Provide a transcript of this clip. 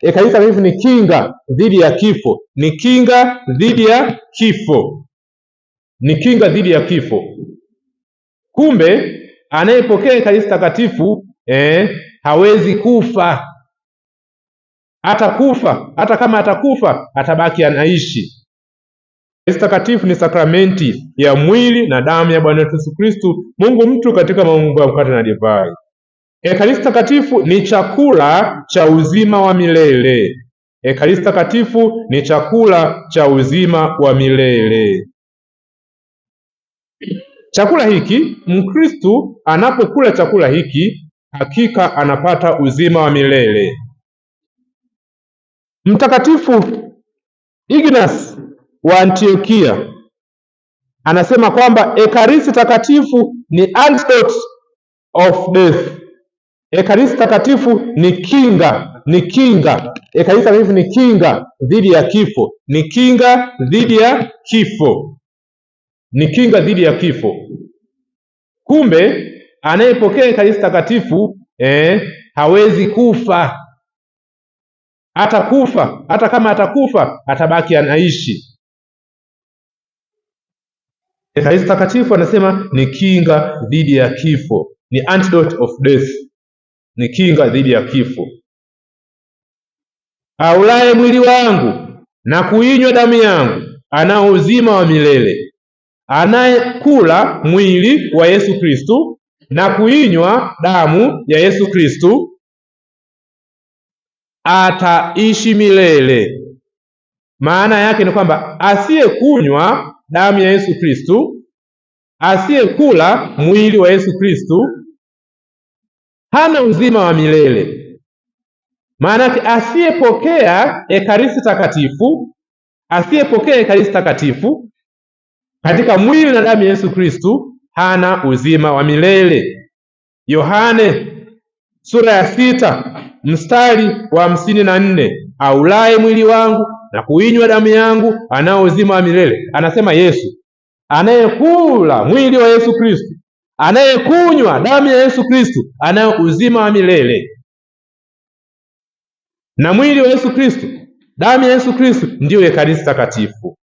takatifu ni kinga dhidi ya kifo, ni kinga dhidi ya kifo, ni kinga dhidi ya kifo. Kumbe anayepokea Ekaristi takatifu eh, hawezi kufa. Atakufa hata kama atakufa, atabaki anaishi. Ekaristi takatifu ni sakramenti ya mwili na damu ya Bwana wetu Yesu Kristo, Mungu mtu katika maungo ya mkate na divai. Ekaristi takatifu ni chakula cha uzima wa milele. Ekaristi takatifu ni chakula cha uzima wa milele. Chakula hiki, Mkristu anapokula chakula hiki, hakika anapata uzima wa milele. Mtakatifu Ignas wa Antiokia anasema kwamba Ekaristi takatifu ni antidote of death Ekaristi takatifu ni kinga, ni kinga. Ekaristi takatifu ni kinga dhidi ya kifo, ni kinga dhidi ya kifo, ni kinga dhidi ya kifo. Kumbe anayepokea Ekaristi takatifu eh, hawezi kufa. Atakufa hata kama atakufa, atabaki anaishi. Ekaristi takatifu anasema ni kinga dhidi ya kifo, ni antidote of death ni kinga dhidi ya kifo. Aulaye mwili wangu na kuinywa damu yangu ana uzima wa milele. Anayekula mwili wa Yesu kristu na kuinywa damu ya Yesu Kristu ataishi milele. Maana yake ni kwamba asiyekunywa damu ya Yesu asiye asiyekula mwili wa Yesu kristu hana uzima wa milele. Maanake asiyepokea ekaristi takatifu, asiyepokea ekaristi takatifu katika mwili na damu ya Yesu Kristu hana uzima wa milele. Yohane sura ya sita mstari wa hamsini na nne aulaye mwili wangu na kuinywa damu yangu anao uzima wa milele. Anasema Yesu, anayekula mwili wa Yesu Kristu anayekunywa damu ya Yesu Kristo anayo uzima wa milele, na mwili wa Yesu Kristo, damu ya Yesu Kristo ndiyo Ekaristi takatifu.